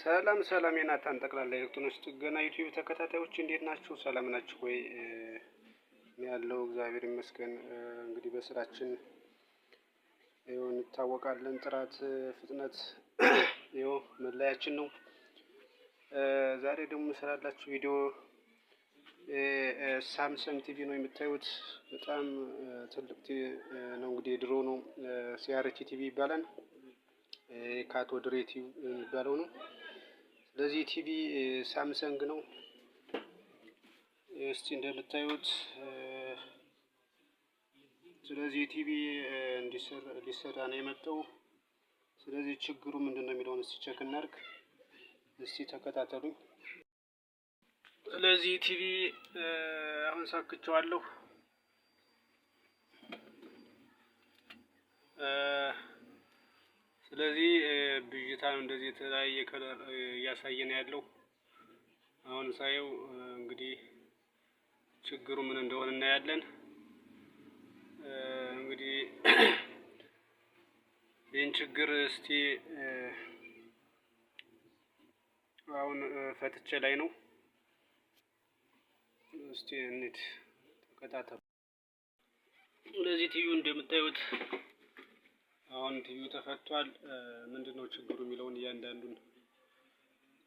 ሰላም ሰላም የናታን ጠቅላላ ኤሌክትሮኒክስ ጥገና ዩቲዩብ ተከታታዮች እንዴት ናችሁ? ሰላም ናችሁ ወይ? ያለው እግዚአብሔር ይመስገን። እንግዲህ በስራችን ይኸው እንታወቃለን። ጥራት፣ ፍጥነት ይኸው መለያችን ነው። ዛሬ ደግሞ የምሰራላችሁ ቪዲዮ ሳምሰንግ ቲቪ ነው የምታዩት። በጣም ትልቅ ነው እንግዲህ ድሮ ነው ሲአርቲ ቲቪ ይባላል። ካቶ ድሬ የሚባለው ነው ለዚህ ቲቪ ሳምሰንግ ነው። እስቲ እንደምታዩት ስለዚህ ቲቪ ሊሰራ ነው የመጣው። ስለዚህ ችግሩ ምንድን ነው የሚለውን እስቲ ቸክ እናድርግ። እስቲ ተከታተሉኝ። ስለዚህ ቲቪ አሁን ሳክቸዋለሁ። ስለዚህ ሁኔታ ነው እንደዚህ የተለያየ ከለር እያሳየን ያለው። አሁን ሳየው እንግዲህ ችግሩ ምን እንደሆነ እናያለን። እንግዲህ ይህን ችግር እስቲ አሁን ፈትቼ ላይ ነው። እስቲ እንሂድ፣ ተከታተሉ። ስለዚህ ትዩ እንደምታዩት አሁን ቲቪው ተፈቷል። ምንድን ነው ችግሩ የሚለውን እያንዳንዱን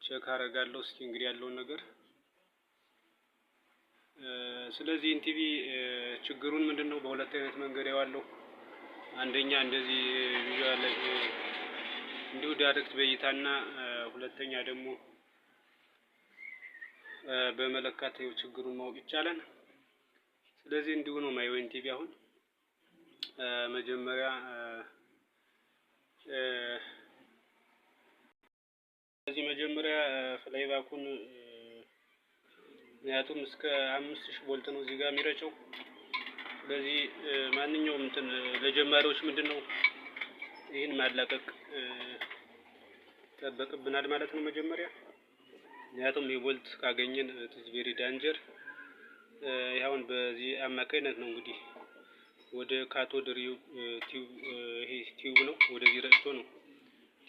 ቼክ አደርጋለሁ። እስኪ እንግዲህ ያለውን ነገር ስለዚህ ኢንቲቪ ችግሩን ምንድን ነው በሁለት አይነት መንገድ ያዋለው። አንደኛ እንደዚህ ቪዥዋል እንዲሁ ዳይሬክት በእይታና ሁለተኛ ደግሞ በመለካት ችግሩን ማወቅ ይቻላል። ስለዚህ እንዲሁ ነው ማየው ኢንቲቪ አሁን መጀመሪያ ከዚህ መጀመሪያ ፍላይባኩን ምክንያቱም እስከ አምስት ሺህ ቦልት ነው እዚህ ጋር የሚረጨው። ስለዚህ ማንኛውም እንትን ለጀማሪዎች ምንድን ነው ይህን ማላቀቅ ይጠበቅብናል ማለት ነው መጀመሪያ። ምክንያቱም የቦልት ካገኘን ቬሪ ዳንጀር ይኸውን በዚህ አማካይነት ነው እንግዲህ ወደ ካቶድ ሪው ቲዩብ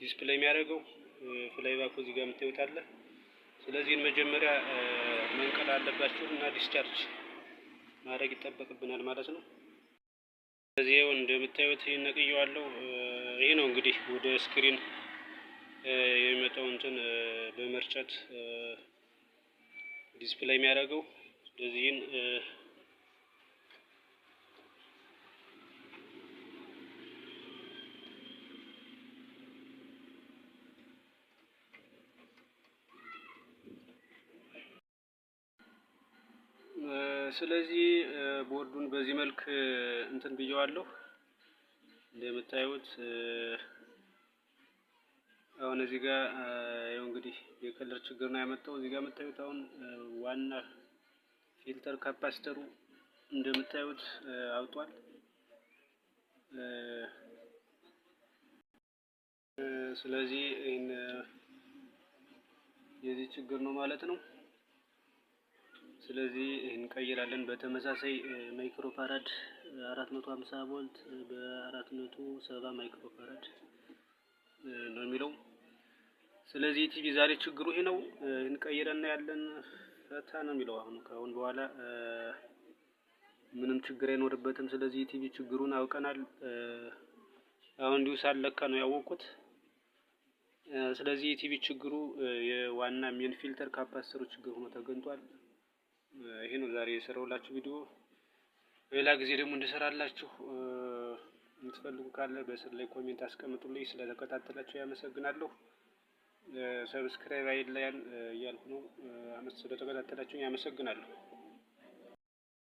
ዲስፕሌይ የሚያደርገው ፍላይ ባኩ እዚህ ጋር የምታዩት አለ። ስለዚህን መጀመሪያ መንቀል አለባችሁ እና ዲስቻርጅ ማድረግ ይጠበቅብናል ማለት ነው። ስለዚህ ይኸው እንደምታዩት ነቅየዋለው። ይህ ነው እንግዲህ ወደ ስክሪን የሚመጣው እንትን በመርጨት ዲስፕሌይ የሚያደርገው ስለዚህን ስለዚህ ቦርዱን በዚህ መልክ እንትን ብየዋለሁ። እንደምታዩት አሁን እዚህ ጋር ያው እንግዲህ የከለር ችግር ነው ያመጣው። እዚህ ጋር የምታዩት አሁን ዋና ፊልተር ካፓሲተሩ እንደምታዩት አውጧል። ስለዚህ ይህን የዚህ ችግር ነው ማለት ነው። ስለዚህ እንቀይራለን። በተመሳሳይ ማይክሮፋራድ 450 ቮልት በ470 ማይክሮፋራድ ነው የሚለው። ስለዚህ ቲቪ ዛሬ ችግሩ ይሄ ነው። እንቀይረና ያለን ፈታ ነው የሚለው። አሁን ከአሁን በኋላ ምንም ችግር አይኖርበትም። ስለዚህ ቲቪ ችግሩን አውቀናል። አሁን እንዲሁ ሳለካ ነው ያወቅኩት። ስለዚህ የቲቪ ችግሩ የዋና ሜን ፊልተር ካፓስተሩ ችግር ሆኖ ተገኝቷል። ይሄ ነው ዛሬ የሰራሁላችሁ ቪዲዮ። በሌላ ጊዜ ደግሞ እንድሰራላችሁ የምትፈልጉ ካለ በስር ላይ ኮሜንት አስቀምጡልኝ። ስለተከታተላችሁ ያመሰግናለሁ። ሰብስክራይብ አይለያን እያልኩ ነው። ስለተከታተላችሁ ያመሰግናለሁ።